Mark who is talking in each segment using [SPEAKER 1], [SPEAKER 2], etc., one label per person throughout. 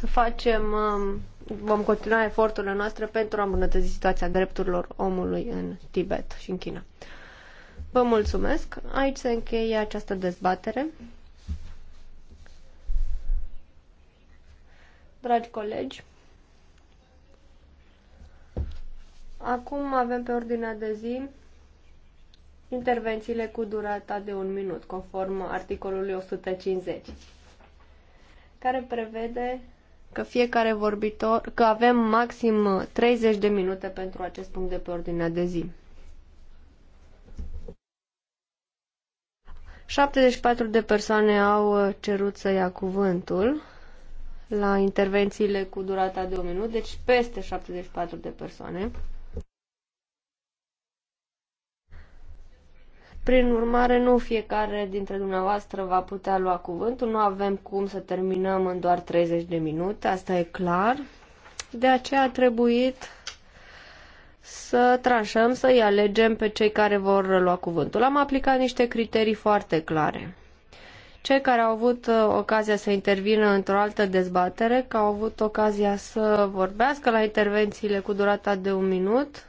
[SPEAKER 1] să facem, um, vom continua eforturile noastre pentru a îmbunătăți situația drepturilor omului în Tibet și în China. Vă mulțumesc. Aici se încheie această dezbatere. Dragi colegi, acum avem pe ordinea de zi intervențiile cu durata de un minut, conform articolului 150, care prevede că fiecare vorbitor, că avem maxim 30 de minute pentru acest punct de pe ordinea de zi. 74 de persoane au cerut să ia cuvântul la intervențiile cu durata de un minut, deci peste 74 de persoane. Prin urmare, nu fiecare dintre dumneavoastră va putea lua cuvântul. Nu avem cum să terminăm în doar 30 de minute, asta e clar. De aceea a trebuit să tranșăm, să-i alegem pe cei care vor lua cuvântul. Am aplicat niște criterii foarte clare. Cei care au avut uh, ocazia să intervină într-o altă dezbatere, că au avut ocazia să vorbească la intervențiile cu durata de un minut,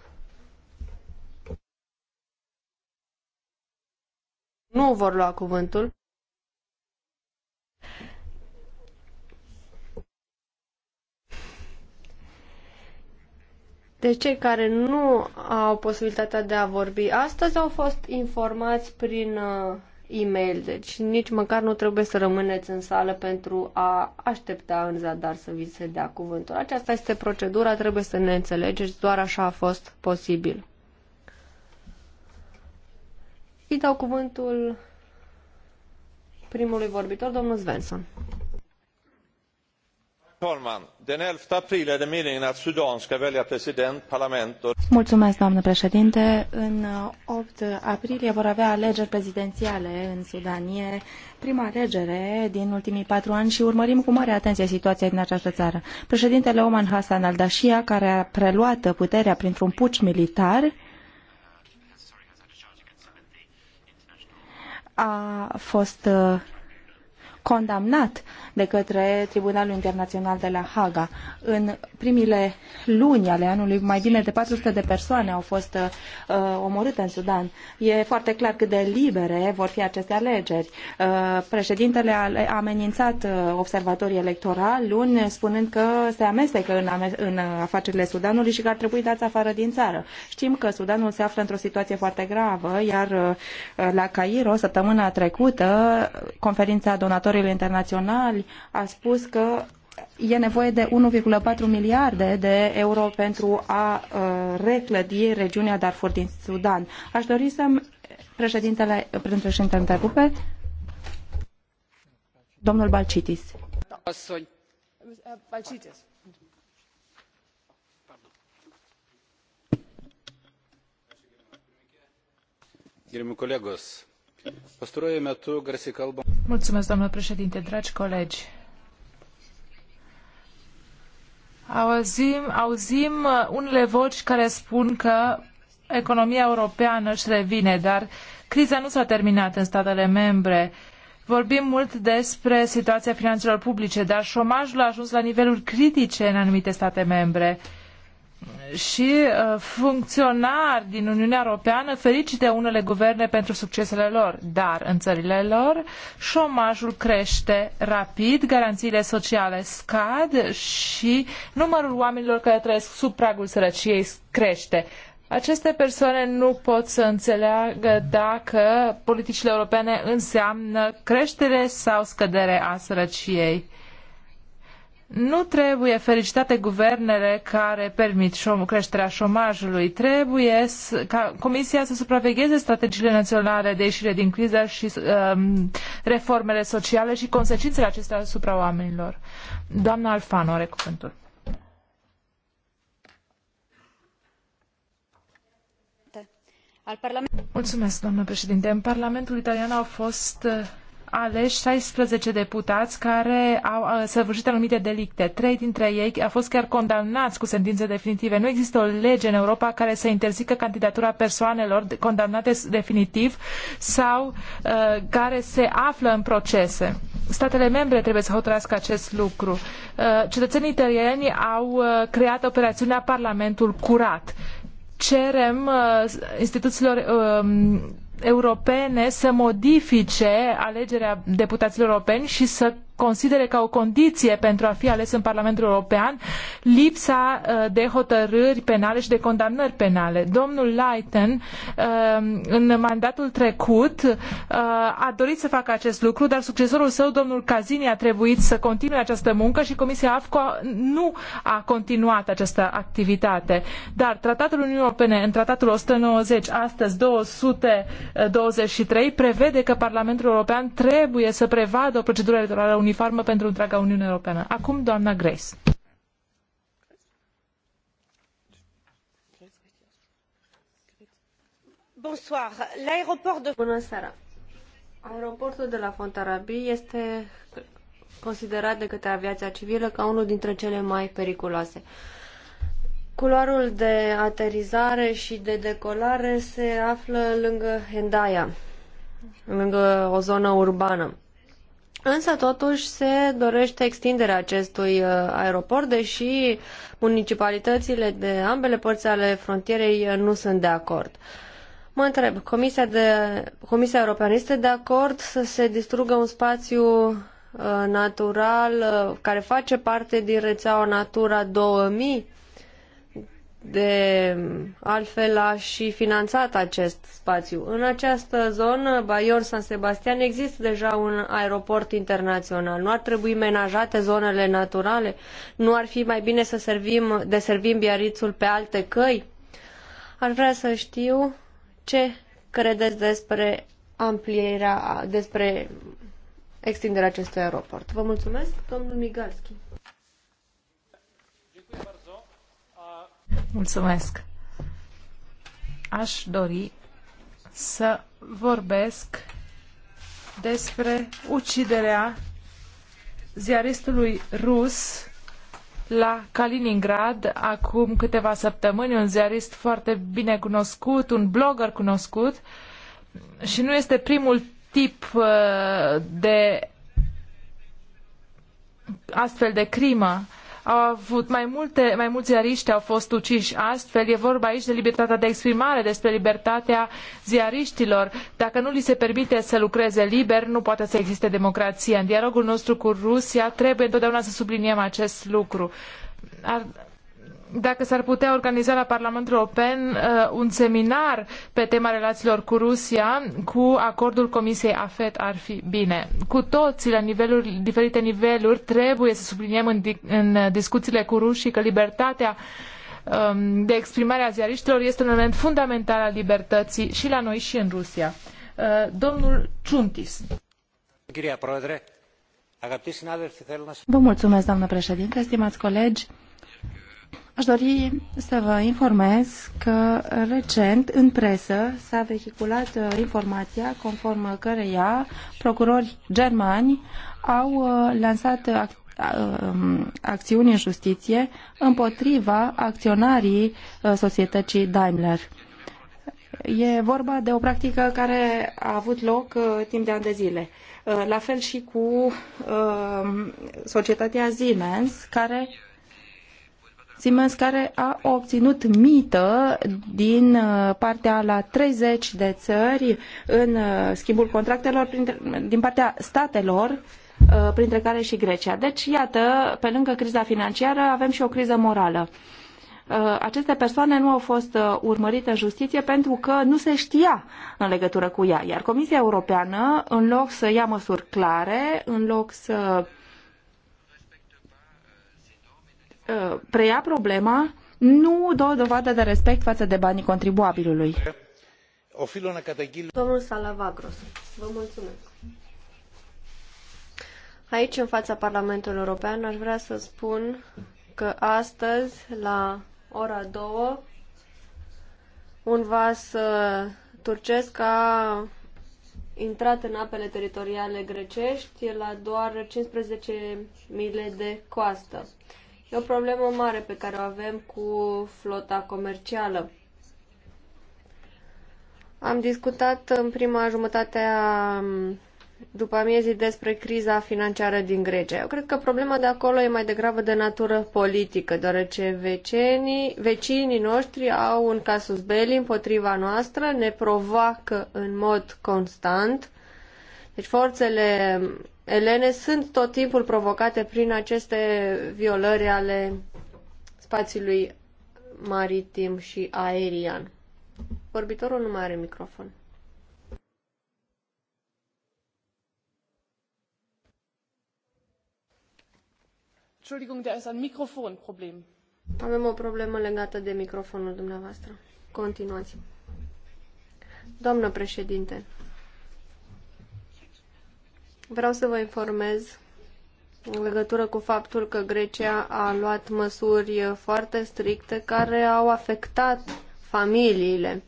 [SPEAKER 1] nu vor lua cuvântul. Deci cei care nu au posibilitatea de a vorbi astăzi au fost informați prin uh, e-mail, deci nici măcar nu trebuie să rămâneți în sală pentru a aștepta în zadar să vi se dea cuvântul. Aceasta este procedura, trebuie să ne înțelegeți, doar așa a fost posibil. Îi dau cuvântul primului vorbitor, domnul Svensson.
[SPEAKER 2] Mulțumesc, doamnă președinte. În 8 uh, aprilie vor avea alegeri prezidențiale în Sudan. prima alegere din ultimii patru ani și urmărim cu mare atenție situația din această țară. Președintele Oman Hassan al-Dashia, care a preluat puterea printr-un puci militar, a fost uh, condamnat de către Tribunalul Internațional de la Haga. În primile luni ale anului, mai bine de 400 de persoane au fost uh, omorâte în Sudan. E foarte clar cât de libere vor fi aceste alegeri. Uh, președintele a amenințat uh, observatorii electorali luni, spunând că se amestecă în, ame- în afacerile Sudanului și că ar trebui dați afară din țară. Știm că Sudanul se află într-o situație foarte gravă, iar uh, la Cairo, săptămâna trecută, conferința donatorilor observatorii internaționali a spus că e nevoie de 1,4 miliarde de euro pentru a uh, reclădi regiunea Darfur din Sudan. Aș dori să-mi președintele, președinte întrerupe. Domnul Balcitis.
[SPEAKER 3] Balcitis.
[SPEAKER 4] gerbiami kolegos pastaruoju metu garsiai kalbama
[SPEAKER 3] Mulțumesc, doamnă președinte, dragi colegi. Auzim, auzim uh, unele voci care spun că economia europeană își revine, dar criza nu s-a terminat în statele membre. Vorbim mult despre situația finanțelor publice, dar șomajul a ajuns la niveluri critice în anumite state membre și uh, funcționari din Uniunea Europeană fericite unele guverne pentru succesele lor. Dar în țările lor șomajul crește rapid, garanțiile sociale scad și numărul oamenilor care trăiesc sub pragul sărăciei crește. Aceste persoane nu pot să înțeleagă dacă politicile europene înseamnă creștere sau scădere a sărăciei. Nu trebuie felicitate guvernele care permit creșterea șomajului. Trebuie ca Comisia să supravegheze strategiile naționale de ieșire din criză și um, reformele sociale și consecințele acestea asupra oamenilor. Doamna Alfano are cuvântul. Mulțumesc, doamnă președinte. În Parlamentul Italian au fost uh, aleși 16 deputați care au uh, săvârșit anumite delicte. Trei dintre ei au fost chiar condamnați cu sentințe definitive. Nu există o lege în Europa care să interzică candidatura persoanelor condamnate definitiv sau uh, care se află în procese. Statele membre trebuie să hotărască acest lucru. Uh, cetățenii italieni au uh, creat operațiunea Parlamentul Curat cerem uh, instituțiilor uh, europene să modifice alegerea deputaților europeni și să considere ca o condiție pentru a fi ales în Parlamentul European lipsa uh, de hotărâri penale și de condamnări penale. Domnul Leiten, uh, în mandatul trecut, uh, a dorit să facă acest lucru, dar succesorul său, domnul Cazini, a trebuit să continue această muncă și Comisia AFCO nu a continuat această activitate. Dar Tratatul Uniunii Europene, în Tratatul 190, astăzi 223, prevede că Parlamentul European trebuie să prevadă o procedură electorală universală uniformă pentru întreaga Uniune Europeană. Acum, doamna Grace.
[SPEAKER 1] Bonsoir. L'aéroport de... Bună seara. Aeroportul de la Fontarabie este considerat de către aviația civilă ca unul dintre cele mai periculoase. Culoarul de aterizare și de decolare se află lângă Hendaia, lângă o zonă urbană. Însă, totuși, se dorește extinderea acestui uh, aeroport, deși municipalitățile de ambele părți ale frontierei uh, nu sunt de acord. Mă întreb, Comisia, de, Comisia Europeană este de acord să se distrugă un spațiu uh, natural care face parte din rețeaua Natura 2000? De altfel a și finanțat acest spațiu. În această zonă, Baior San Sebastian, există deja un aeroport internațional. Nu ar trebui menajate zonele naturale? Nu ar fi mai bine să servim, deservim biarițul pe alte căi? Ar vrea să știu ce credeți despre amplierea, despre extinderea acestui aeroport. Vă mulțumesc, domnul Migalski.
[SPEAKER 3] Mulțumesc. Aș dori să vorbesc despre uciderea ziaristului rus la Kaliningrad acum câteva săptămâni, un ziarist foarte bine cunoscut, un blogger cunoscut și nu este primul tip uh, de astfel de crimă au avut mai multe, mai mulți ziariști au fost uciși astfel. E vorba aici de libertatea de exprimare, despre libertatea ziariștilor. Dacă nu li se permite să lucreze liber, nu poate să existe democrație. În dialogul nostru cu Rusia trebuie întotdeauna să subliniem acest lucru. Ar, dacă s-ar putea organiza la Parlamentul European uh, un seminar pe tema relațiilor cu Rusia, cu acordul Comisiei AFET ar fi bine. Cu toții, la niveluri, diferite niveluri, trebuie să subliniem în, în discuțiile cu rușii că libertatea um, de exprimare a ziariștilor este un element fundamental al libertății și la noi și în Rusia. Uh,
[SPEAKER 2] domnul Ciuntis. Vă mulțumesc, doamnă președinte, stimați colegi. Aș dori să vă informez că recent în presă s-a vehiculat uh, informația conform căreia procurori germani au uh, lansat uh, ac um, acțiuni în justiție împotriva acționarii societății Daimler. E vorba de o practică care a avut loc timp de ani de zile. La fel și cu societatea Siemens, care Siemens care a obținut mită din uh, partea la 30 de țări în uh, schimbul contractelor din partea statelor uh, printre care și Grecia. Deci, iată, pe lângă criza financiară avem și o criză morală aceste persoane nu au fost urmărite în justiție pentru că nu se știa în legătură cu ea. Iar Comisia Europeană, în loc să ia măsuri clare, în loc să Uh, preia problema nu dă o dovadă de respect față de banii contribuabilului.
[SPEAKER 4] Domnul Salavagros,
[SPEAKER 1] vă mulțumesc. Aici, în fața Parlamentului European, aș vrea să spun că astăzi, la ora 2, un vas uh, turcesc a intrat în apele teritoriale grecești la doar 15 mile de coastă. E o problemă mare pe care o avem cu flota comercială. Am discutat în prima jumătate a după amiezii despre criza financiară din Grecia. Eu cred că problema de acolo e mai degrabă de natură politică, deoarece vecenii, vecinii noștri au un casus belli împotriva noastră, ne provoacă în mod constant deci forțele elene sunt tot timpul provocate prin aceste violări ale spațiului maritim și aerian. Vorbitorul nu mai are microfon.
[SPEAKER 3] Entschuldigung, da ist ein Mikrofonproblem.
[SPEAKER 1] Avem o problemă legată de microfonul dumneavoastră. Continuați. Doamnă președinte, Vreau să vă informez în legătură cu faptul că Grecia a luat măsuri foarte stricte care au afectat familiile.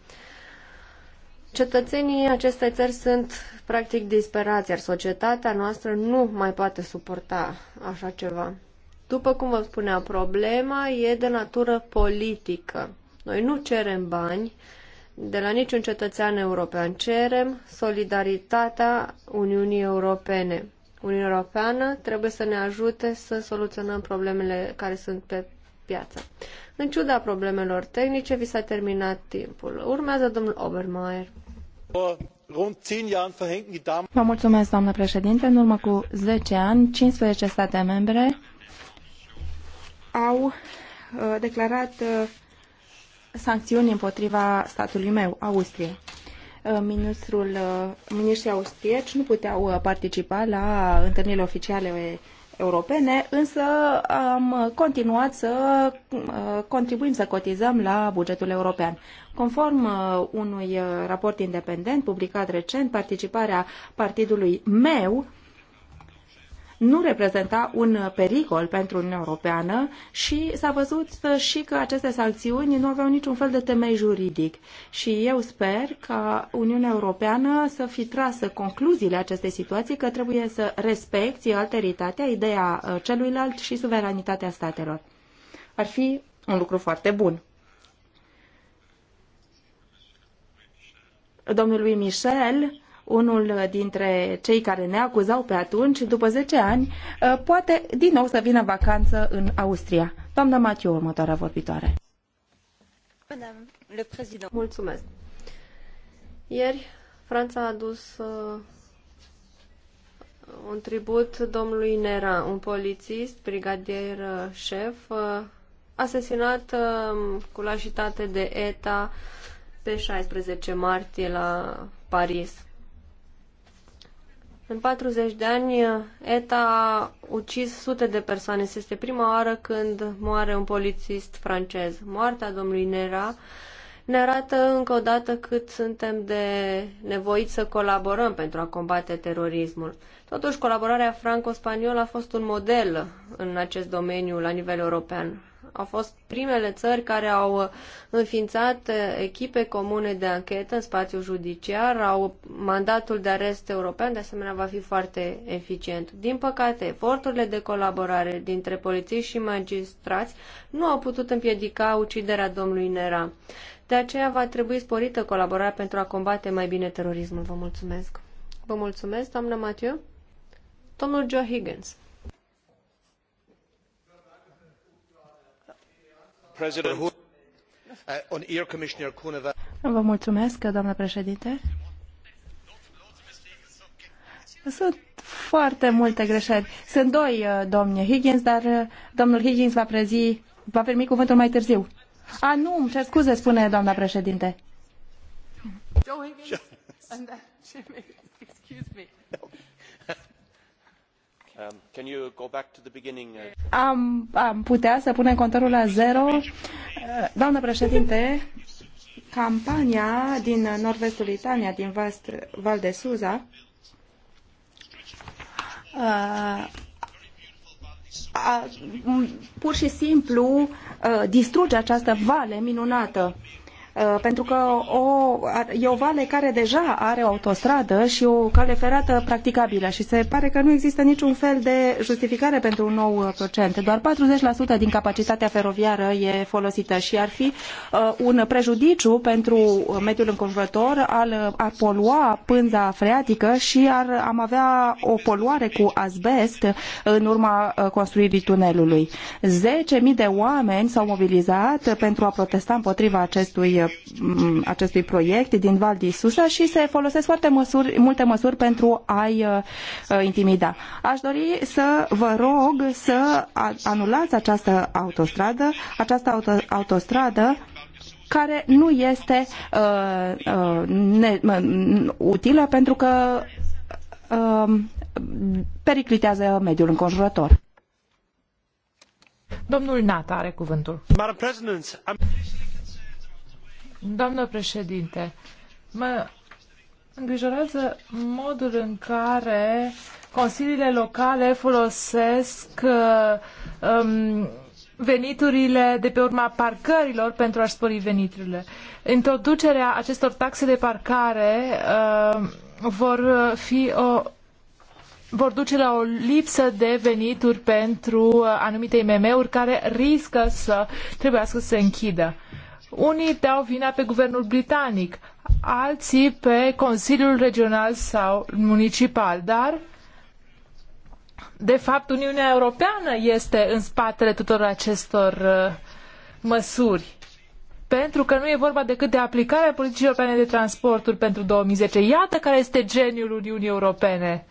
[SPEAKER 1] Cetățenii acestei țări sunt practic disperați, iar societatea noastră nu mai poate suporta așa ceva. După cum vă spunea, problema e de natură politică. Noi nu cerem bani, de la niciun cetățean european. Cerem solidaritatea Uniunii Europene. Uniunea Europeană trebuie să ne ajute să soluționăm problemele care sunt pe piață. În ciuda problemelor tehnice, vi s-a terminat timpul. Urmează domnul Obermeier.
[SPEAKER 2] Vă mulțumesc, doamnă președinte. În urmă cu 10 ani, 15 state membre au uh, declarat uh, sancțiuni împotriva statului meu, Austria. Uh, ministrul, uh, ministrii austrieci nu puteau uh, participa la întâlnirile oficiale europene, însă am continuat să contribuim, să cotizăm la bugetul european. Conform unui raport independent publicat recent, participarea partidului meu nu reprezenta un pericol pentru Uniunea Europeană și s-a văzut și că aceste sancțiuni nu aveau niciun fel de temei juridic. Și eu sper că Uniunea Europeană să fi trasă concluziile acestei situații că trebuie să respecti alteritatea, ideea uh, celuilalt și suveranitatea statelor. Ar fi un lucru foarte bun. Domnului Michel, unul dintre cei care ne acuzau pe atunci, după 10 ani, uh, poate din nou să vină vacanță în Austria. Doamna Matiu, următoarea vorbitoare.
[SPEAKER 1] Mulțumesc. Ieri, Franța a adus uh, un tribut domnului Nera, un polițist, brigadier uh, șef, uh, asesinat uh, cu lașitate de ETA pe 16 martie la Paris. În 40 de ani, ETA a ucis sute de persoane. Este prima oară când moare un polițist francez. Moartea domnului Nera ne arată încă o dată cât suntem de nevoiți să colaborăm pentru a combate terorismul. Totuși, colaborarea franco-spaniolă a fost un model în acest domeniu la nivel european. Au fost primele țări care au înființat echipe comune de anchetă în spațiu judiciar, au mandatul de arest european, de asemenea va fi foarte eficient. Din păcate, eforturile de colaborare dintre polițiști și magistrați nu au putut împiedica uciderea domnului Nera. De aceea va trebui sporită colaborarea pentru a combate mai bine terorismul. Vă mulțumesc. Vă mulțumesc, doamna Mathieu. Domnul Joe Higgins.
[SPEAKER 4] Uh,
[SPEAKER 2] Vă mulțumesc, doamnă președinte. Sunt foarte multe greșeli. Sunt doi uh, domni Higgins, dar uh, domnul Higgins va, prezi, va primi cuvântul mai târziu. A, nu, îmi cer scuze, spune doamna președinte. Um,
[SPEAKER 4] uh?
[SPEAKER 2] Am, am putea să punem contorul la zero. Uh, doamna președinte, campania din nord-vestul Italia, din Vast, Val de Suza, uh, a, pur și simplu uh, distruge această vale minunată Uh, pentru că o, e o vale care deja are o autostradă și o cale ferată practicabilă și se pare că nu există niciun fel de justificare pentru un nou uh, procent. Doar 40% din capacitatea feroviară e folosită și ar fi uh, un prejudiciu pentru mediul înconjurător, al, ar polua pânza freatică și ar, am avea o poluare cu azbest în urma construirii tunelului. 10.000 de oameni s-au mobilizat pentru a protesta împotriva acestui Mm, acestui, proiect din Val di Susa și se folosesc foarte măsuri, multe măsuri pentru a-i uh, uh, intimida. Aș dori să vă rog să anulați această autostradă, această auto, autostradă care nu este uh, uh, utilă pentru că uh, periclitează mediul înconjurător.
[SPEAKER 3] Domnul Nata are cuvântul. Doamnă președinte, mă îngrijorează modul în care consiliile locale folosesc uh, um, veniturile de pe urma parcărilor pentru a-și spori veniturile. Introducerea acestor taxe de parcare uh, vor fi o vor duce la o lipsă de venituri pentru uh, anumite IMM-uri care riscă să trebuiască să se închidă. Unii dau vina pe guvernul britanic, alții pe Consiliul Regional sau Municipal, dar de fapt Uniunea Europeană este în spatele tuturor acestor uh, măsuri. Pentru că nu e vorba decât de aplicarea politicii europene de transporturi pentru 2010. Iată care este geniul Uniunii Europene.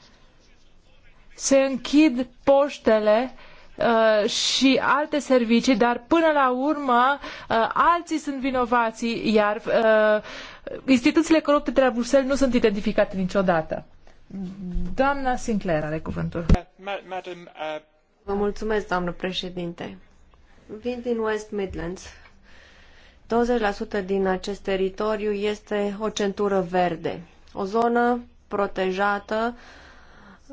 [SPEAKER 3] Se închid poștele Uh, și alte servicii, dar până la urmă uh, alții sunt vinovații, iar uh, instituțiile corupte de la Bruxelles nu sunt identificate niciodată.
[SPEAKER 1] Doamna Sinclair are cuvântul. Vă mulțumesc, doamnă președinte. Vin din West Midlands. 20% din acest teritoriu este o centură verde, o zonă protejată uh,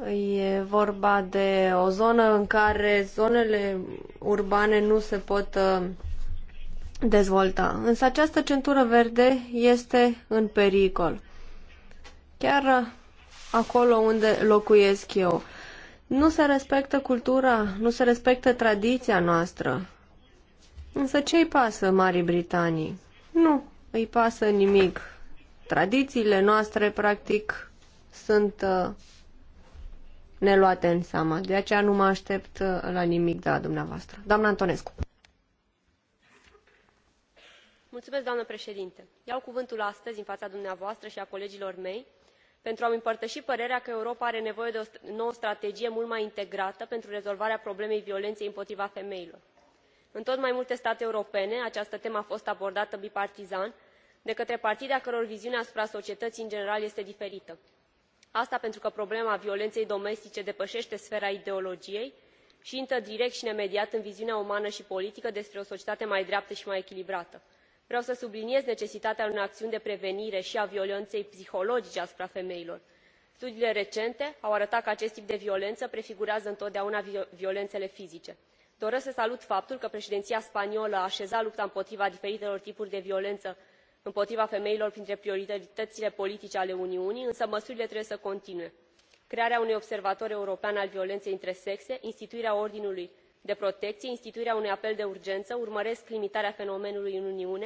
[SPEAKER 1] E vorba de o zonă în care zonele urbane nu se pot uh, dezvolta. Însă această centură verde este în pericol. Chiar uh, acolo unde locuiesc eu. Nu se respectă cultura, nu se respectă tradiția noastră. Însă ce-i pasă Marii Britanii? Nu, îi pasă nimic. Tradițiile noastre, practic, sunt uh, neluate în seamă. De aceea nu mă aștept uh, la nimic de la dumneavoastră. Doamna Antonescu.
[SPEAKER 5] Mulțumesc, doamnă președinte. Iau cuvântul astăzi în fața dumneavoastră și a colegilor mei pentru a mi împărtăși părerea că europa are nevoie de o nouă strategie mult mai integrată pentru rezolvarea problemei violenței împotriva femeilor. în tot mai multe state europene această temă a fost abordată bipartizan de către partide a căror viziune asupra societății în general este diferită asta pentru că problema violenei domestice depăete sfera ideologiei i intră direct i nemediat în viziunea umană i politică despre o societate mai dreaptă i mai echilibrată. vreau să subliniez necesitatea unei aciuni de prevenire i a violenei psihologice asupra femeilor. studiile recente au arătat că acest tip de violenă prefigurează întotdeauna violenele fizice. doresc să salut faptul că preedinia spaniolă a aezat lupta împotriva diferitelor tipuri de violenă împotriva femeilor printre priorităile politice ale uniunii însă măsurile trebuie să continue crearea unui observator european al violenei între sexe instituirea ordinului de protecie instituirea unui apel de urgenă urmăresc limitarea fenomenului în uniune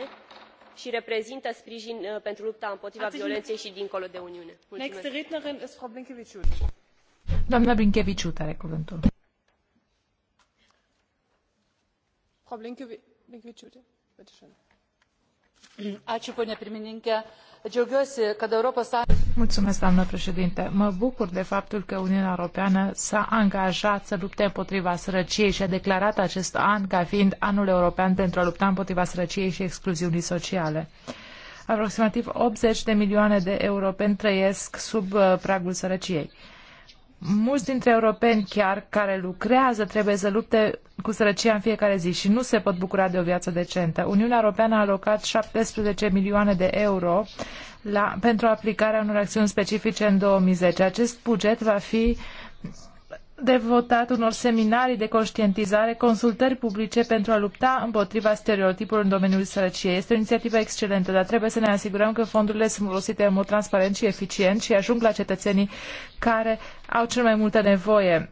[SPEAKER 5] i reprezintă sprijin uh, pentru lupta împotriva violenei i dincolo de uniune.
[SPEAKER 3] Mulțumesc, doamnă președinte. Mă bucur de faptul că Uniunea Europeană s-a angajat să lupte împotriva sărăciei și a declarat acest an ca fiind anul european pentru a lupta împotriva sărăciei și excluziunii sociale. Aproximativ 80 de milioane de europeni trăiesc sub uh, pragul sărăciei. Mulți dintre europeni chiar care lucrează trebuie să lupte cu sărăcia în fiecare zi și nu se pot bucura de o viață decentă. Uniunea Europeană a alocat 17 milioane de euro la, pentru aplicarea unor acțiuni specifice în 2010. Acest buget va fi devotat unor seminarii de conștientizare, consultări publice pentru a lupta împotriva stereotipurilor în domeniul sărăciei. Este o inițiativă excelentă, dar trebuie să ne asigurăm că fondurile sunt folosite în mod transparent și eficient și ajung la cetățenii care au cel mai multă nevoie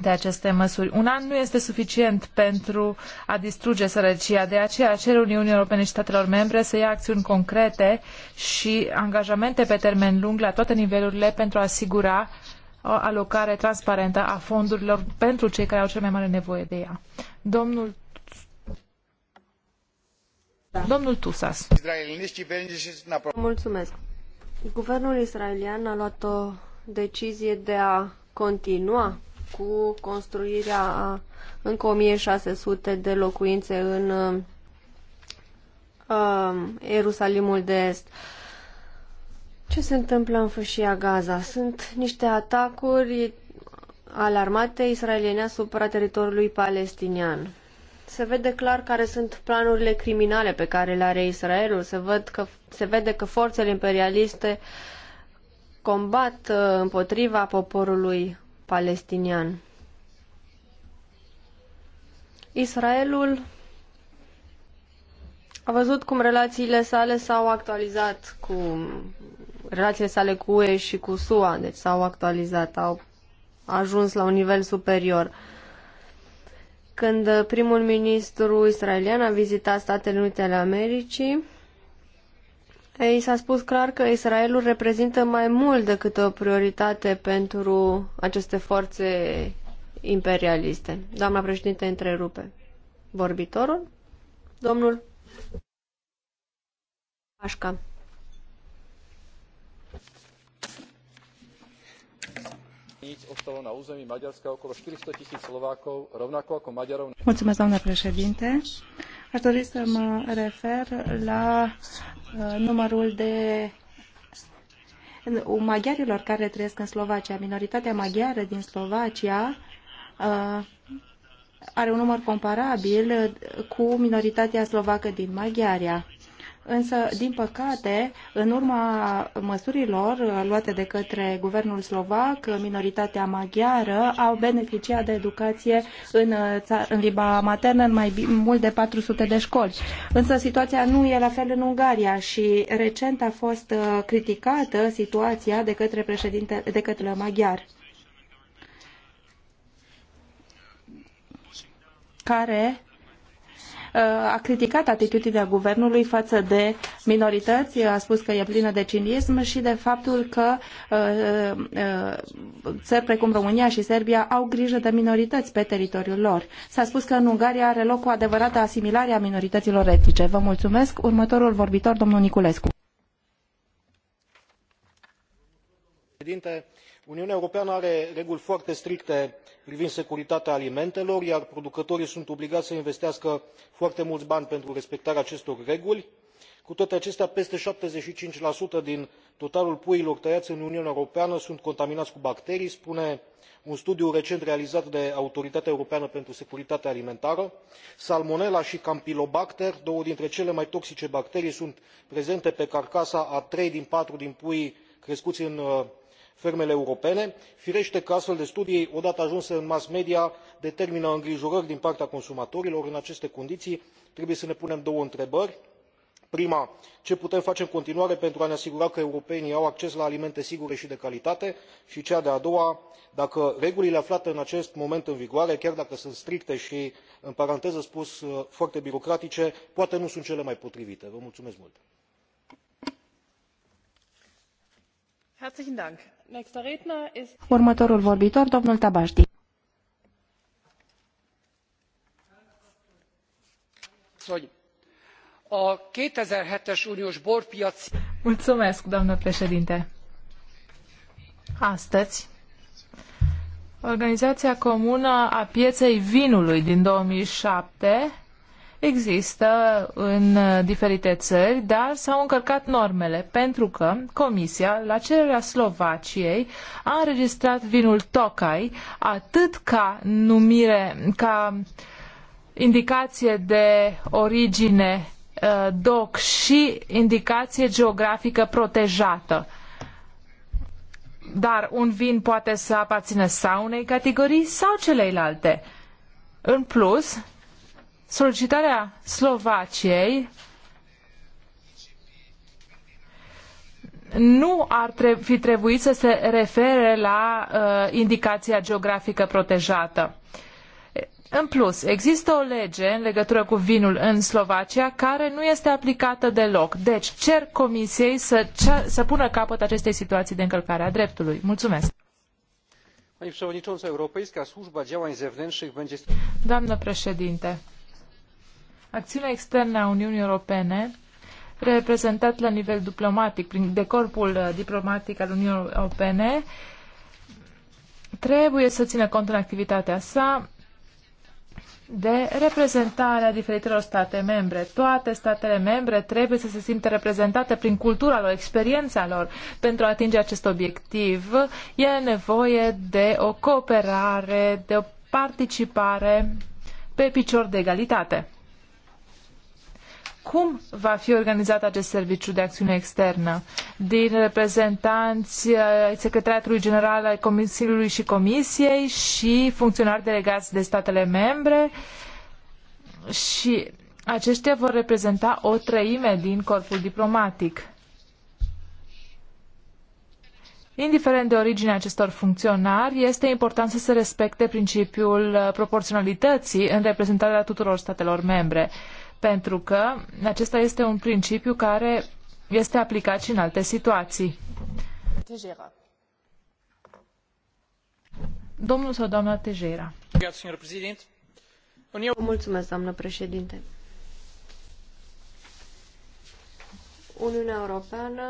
[SPEAKER 3] de aceste măsuri. Un an nu este suficient pentru a distruge sărăcia, de aceea cer Uniunii Europene și statelor membre să ia acțiuni concrete și angajamente pe termen lung la toate nivelurile pentru a asigura o alocare transparentă a fondurilor pentru cei care au cel mai mare nevoie
[SPEAKER 1] de ea. Domnul
[SPEAKER 3] Domnul Tusas.
[SPEAKER 1] Mulțumesc. Guvernul israelian a luat o decizie de a continua cu construirea a încă 1600 de locuințe în uh, Ierusalimul de Est. Uh, ce se întâmplă în fâșia Gaza? Sunt niște atacuri alarmate israeliene asupra teritoriului palestinian. Se vede clar care sunt planurile criminale pe care le are Israelul. Se, văd că, se vede că forțele imperialiste combat uh, împotriva poporului palestinian. Israelul a văzut cum relațiile sale s-au actualizat cu relațiile sale cu UE și cu SUA, deci s-au actualizat, au ajuns la un nivel superior. Când primul ministru israelian a vizitat Statele Unite ale Americii, ei s-a spus clar că Israelul reprezintă mai mult decât o prioritate pentru aceste forțe imperialiste. Doamna președinte întrerupe. Vorbitorul? Domnul Pașca.
[SPEAKER 4] hraníc ostalo na území Maďarska okolo 400 tisíc Slovákov, rovnako
[SPEAKER 2] ako Maďarov. Mulțumesc, doamnă președinte. Aș dori să mă refer la uh, numărul de uh, maghiarilor care trăiesc în Slovacia. Minoritatea maghiară din Slovacia uh, are un număr comparabil cu minoritatea slovacă din Maghiaria. Însă, din păcate, în urma măsurilor luate de către guvernul slovac, minoritatea maghiară au beneficiat de educație în, în limba maternă în mai mult de 400 de școli. Însă situația nu e la fel în Ungaria și recent a fost uh, criticată situația de către președinte, de către maghiar. care a criticat atitudinea guvernului față de minorități, a spus că e plină de cinism și de faptul că uh, uh, țări precum România și Serbia au grijă de minorități pe teritoriul lor. S-a spus că în Ungaria are loc o adevărată asimilare a minorităților etnice. Vă mulțumesc. Următorul vorbitor, domnul Niculescu.
[SPEAKER 4] Președinte, uniunea europeană are reguli foarte stricte privind securitatea alimentelor iar producătorii sunt obligai să investească foarte muli bani pentru respectarea acestor reguli. cu toate acestea peste șaptezeci și cinci din totalul puiilor tăiai în uniunea europeană sunt contaminai cu bacterii spune un studiu recent realizat de autoritatea europeană pentru securitate alimentară. salmonella i campylobacter două dintre cele mai toxice bacterii sunt prezente pe carcasa a trei din patru din puii crescui în uh, fermele europene firește că astfel de studii odată ajunse în mass media determină îngrijorări din partea consumatorilor. în aceste condiții trebuie să ne punem două întrebări prima ce putem face în continuare pentru a ne asigura că europenii au acces la alimente sigure și de calitate și cea de a doua dacă regulile aflate în acest moment în vigoare chiar dacă sunt stricte și în paranteză spus uh, foarte birocratice poate nu sunt cele mai potrivite. vă mulțumesc mult!
[SPEAKER 2] Următorul vorbitor, domnul Tabaști.
[SPEAKER 4] A 2007
[SPEAKER 3] Mulțumesc, doamnă președinte. Astăzi, Organizația Comună a Pieței Vinului din 2007 există în uh, diferite țări, dar s-au încărcat normele pentru că Comisia, la cererea Slovaciei, a înregistrat vinul Tokai atât ca numire, ca indicație de origine uh, DOC și indicație geografică protejată. Dar un vin poate să aparțină sau unei categorii sau celeilalte. În plus, solicitarea Slovaciei nu ar fi trebuit să se refere la uh, indicația geografică protejată. În plus, există o lege în legătură cu vinul în Slovacia care nu este aplicată deloc. Deci cer Comisiei să, să pună capăt acestei situații de încălcare a dreptului. Mulțumesc! Doamnă președinte, Acțiunea externă a Uniunii Europene, reprezentat la nivel diplomatic, prin, de corpul uh, diplomatic al Uniunii Europene, trebuie să țină cont în activitatea sa de reprezentarea diferitelor state membre. Toate statele membre trebuie să se simtă reprezentate prin cultura lor, experiența lor. Pentru a atinge acest obiectiv e nevoie de o cooperare, de o participare pe picior de egalitate cum va fi organizat acest serviciu de acțiune externă? Din reprezentanți uh, ai Secretariatului General al Consiliului și Comisiei și funcționari delegați de statele membre și aceștia vor reprezenta o treime din corpul diplomatic. Indiferent de originea acestor funcționari, este important să se respecte principiul uh, proporționalității în reprezentarea tuturor statelor membre pentru că acesta este un principiu care este aplicat și în alte situații. Tejera. Domnul sau doamna Tejera.
[SPEAKER 1] Mulțumesc, doamnă președinte. Uniunea Europeană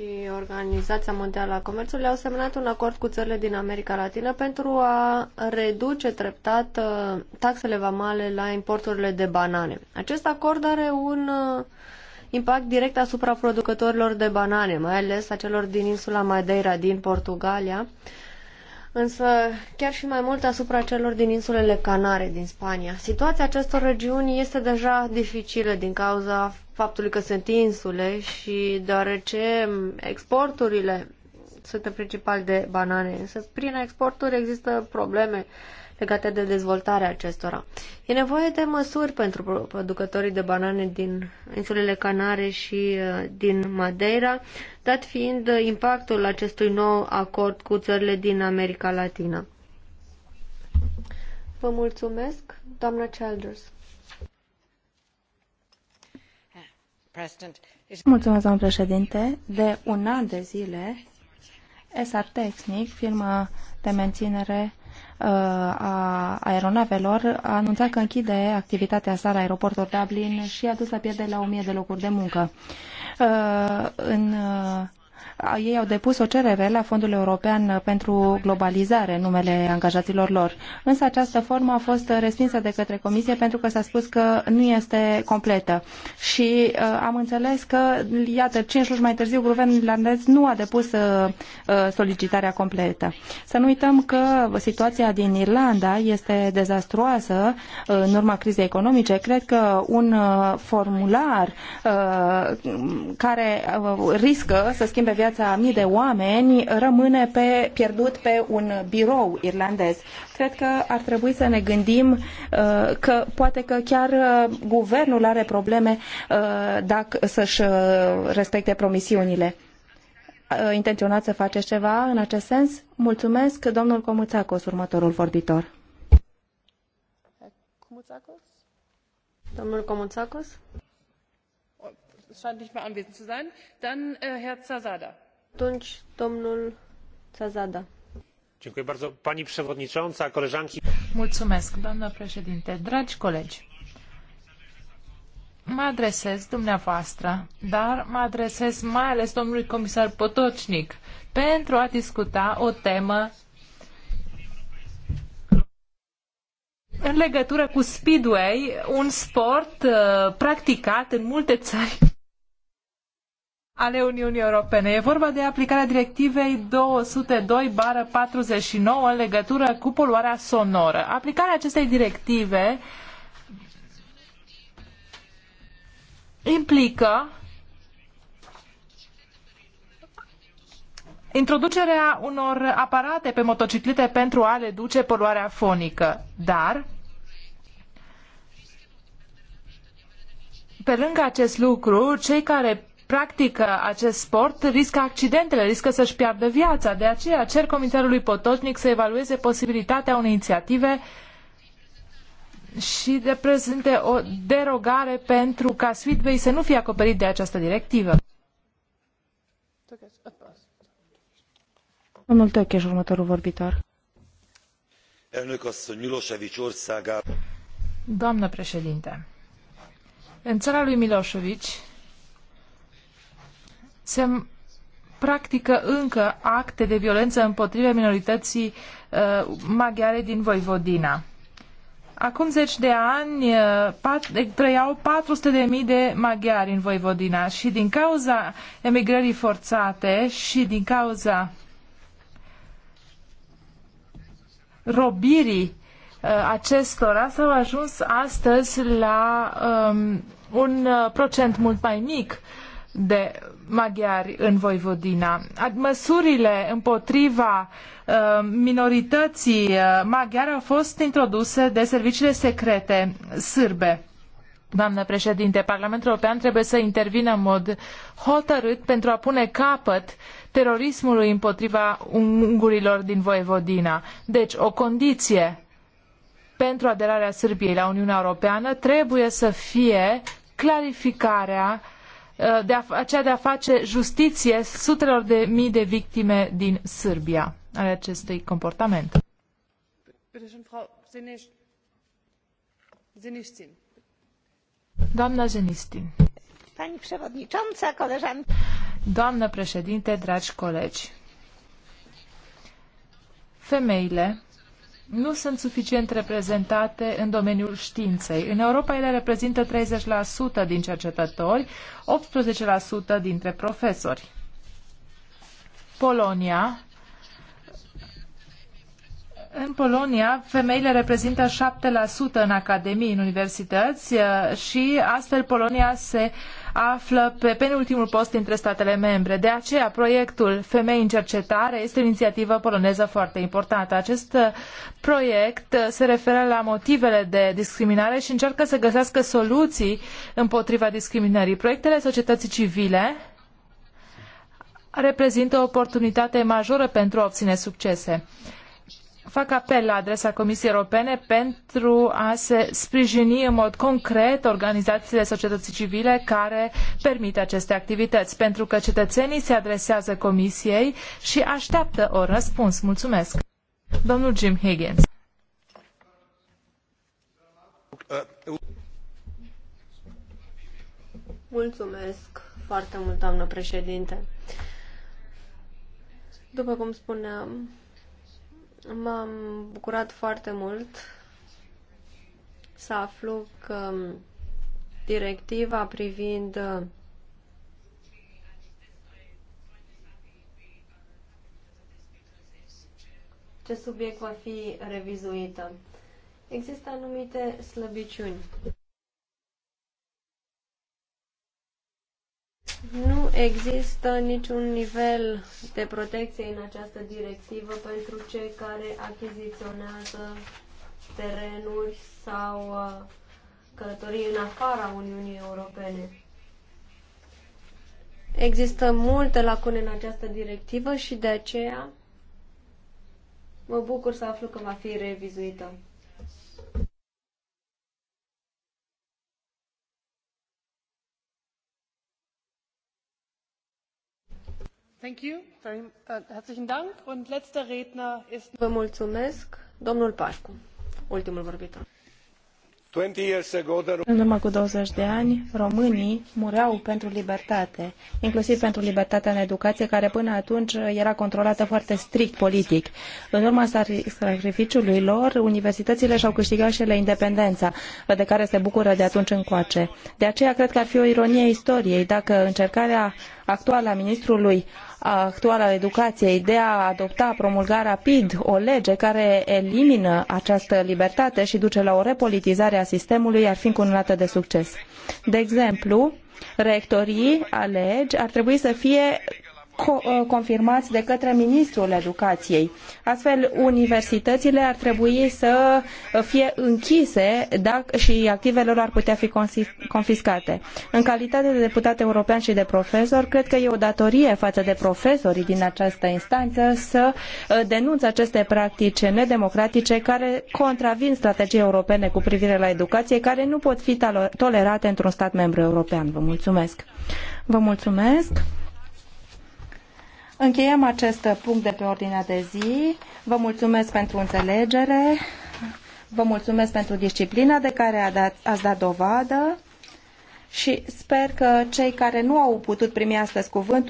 [SPEAKER 1] și Organizația Mondială a Comerțului au semnat un acord cu țările din America Latină pentru a reduce treptat uh, taxele vamale la importurile de banane. Acest acord are un uh, impact direct asupra producătorilor de banane, mai ales a celor din insula Madeira din Portugalia, însă chiar și mai mult asupra celor din insulele Canare din Spania. Situația acestor regiuni este deja dificilă din cauza faptului că sunt insule și deoarece exporturile sunt în principal de banane, însă prin exporturi există probleme uh, legate de dezvoltarea acestora. E nevoie de măsuri pentru producătorii de banane din insulele Canare și uh, din Madeira, dat fiind uh, impactul acestui nou acord cu țările din America Latină. Vă mulțumesc, doamna Childers.
[SPEAKER 2] Mulțumesc, domnul președinte. De un an de zile, SR Technic, firma de menținere Uh, a aeronavelor a anunțat că închide activitatea sa la aeroportul Dublin și a dus la pierdere la 1000 de locuri de muncă. Uh, în uh, ei au depus o cerere la Fondul European pentru Globalizare în numele angajaților lor. Însă această formă a fost respinsă de către Comisie pentru că s-a spus că nu este completă. Și uh, am înțeles că, iată, cinci luni mai târziu, guvernul irlandez nu a depus uh, uh solicitarea completă. Să nu uităm că situația din Irlanda este dezastruoasă uh, în urma crizei economice. Cred că un uh, formular uh, care uh, riscă să schimbe schimbe viața a mii de oameni rămâne pe, pierdut pe un birou irlandez. Cred că ar trebui să ne gândim uh, că poate că chiar uh, guvernul are probleme uh, dacă să-și uh, respecte promisiunile. Uh, intenționați să faceți ceva în acest sens? Mulțumesc, domnul Comuțacos, următorul vorbitor.
[SPEAKER 1] Comuțacos? Domnul Comuțacos?
[SPEAKER 3] scheint nicht mehr anwesend zu sein. Dann äh, Herr Zasada.
[SPEAKER 1] Atunci, domnul
[SPEAKER 3] Zasada.
[SPEAKER 4] Pani przewodnicząca, koleżanki.
[SPEAKER 3] Mulțumesc, doamnă președinte. Dragi colegi, mă adresez dumneavoastră, dar mă adresez mai ales domnului comisar Potocnic pentru a discuta o temă în legătură cu speedway, un sport uh, practicat în multe țări ale Uniunii Europene. E vorba de aplicarea directivei 202-49 în legătură cu poluarea sonoră. Aplicarea acestei directive implică introducerea unor aparate pe motociclete pentru a reduce poluarea fonică, dar pe lângă acest lucru, cei care practică acest sport riscă accidentele, riscă să-și piardă viața. De aceea cer comisarului Potocnic să evalueze posibilitatea unei inițiative și reprezinte o derogare pentru ca Sweetway să nu fie acoperit de această
[SPEAKER 2] directivă. Domnul Tăcheș, următorul vorbitor.
[SPEAKER 3] Doamnă președinte, în țara lui Milosevic, se practică încă acte de violență împotriva minorității uh, maghiare din Voivodina. Acum zeci de ani uh, pat, trăiau 400.000 de maghiari în Voivodina și din cauza emigrării forțate și din cauza robirii uh, acestora s-au ajuns astăzi la um, un uh, procent mult mai mic de maghiari în Voivodina. Măsurile împotriva uh, minorității uh, maghiare au fost introduse de serviciile secrete sârbe. Doamnă președinte, Parlamentul European trebuie să intervină în mod hotărât pentru a pune capăt terorismului împotriva ungurilor din Voivodina. Deci, o condiție pentru aderarea Sârbiei la Uniunea Europeană trebuie să fie clarificarea Uh, de a, aceea de a face justiție sutelor de mii de victime din Sârbia ale acestui comportament. Doamna Zenistin. Pani
[SPEAKER 1] przewodnicząca, koleżanki.
[SPEAKER 3] Doamnă președinte, dragi colegi. Femeile nu sunt suficient reprezentate în domeniul științei. În Europa ele reprezintă 30% din cercetători, 18% dintre profesori. Polonia. În Polonia, femeile reprezintă 7% în academii, în universități eh, și astfel Polonia se uh, află pe penultimul post dintre statele membre. De aceea, proiectul Femei în cercetare este o inițiativă poloneză foarte importantă. Acest uh, proiect uh, se referă la motivele de discriminare și încearcă să găsească soluții împotriva discriminării. Proiectele societății civile reprezintă o oportunitate majoră pentru a obține succese fac apel la adresa Comisiei Europene pentru a se sprijini în mod concret organizațiile societății civile care permit aceste activități, pentru că cetățenii se adresează Comisiei și așteaptă o răspuns. Mulțumesc. Domnul Jim Higgins.
[SPEAKER 1] Mulțumesc foarte mult, doamnă președinte. După cum spuneam, M-am bucurat foarte mult să aflu că directiva privind ce subiect va fi revizuită. Există anumite slăbiciuni. există niciun nivel de protecție în această directivă pentru cei care achiziționează terenuri sau uh, călătorii în afara Uniunii Europene. Există multe lacune în această directivă și de aceea mă bucur să aflu că va fi revizuită.
[SPEAKER 3] Uh,
[SPEAKER 1] mulțumesc, domnul Pașcu, ultimul vorbitor.
[SPEAKER 4] În
[SPEAKER 2] urmă cu 20 de ani, românii mureau pentru libertate, inclusiv pentru libertatea în educație, care până atunci era controlată foarte strict politic. În urma sacrificiului lor, universitățile și-au câștigat și ele independența, de care se bucură de atunci încoace. De aceea cred că ar fi o ironie istoriei dacă încercarea actuală a ministrului actuala educației de a adopta, promulga rapid o lege care elimină această libertate și duce la o repolitizare a sistemului ar fi încununată de succes. De exemplu, rectorii alegi ar trebui să fie co- uh, confirmați de către Ministrul Educației. Astfel, universitățile ar trebui să fie închise dacă, și activele lor ar putea fi confiscate. În calitate de deputat european și de profesor, cred că e o datorie față de profesorii din această instanță să uh, denunțe aceste practici nedemocratice care contravin strategiei europene cu privire la educație, care nu pot fi tolerate într-un stat membru european. Vă mulțumesc! Vă mulțumesc! Încheiem acest punct de pe ordinea de zi. Vă mulțumesc pentru înțelegere. Vă mulțumesc pentru disciplina de care ați dat dovadă și sper că cei care nu au putut primi astăzi cuvântul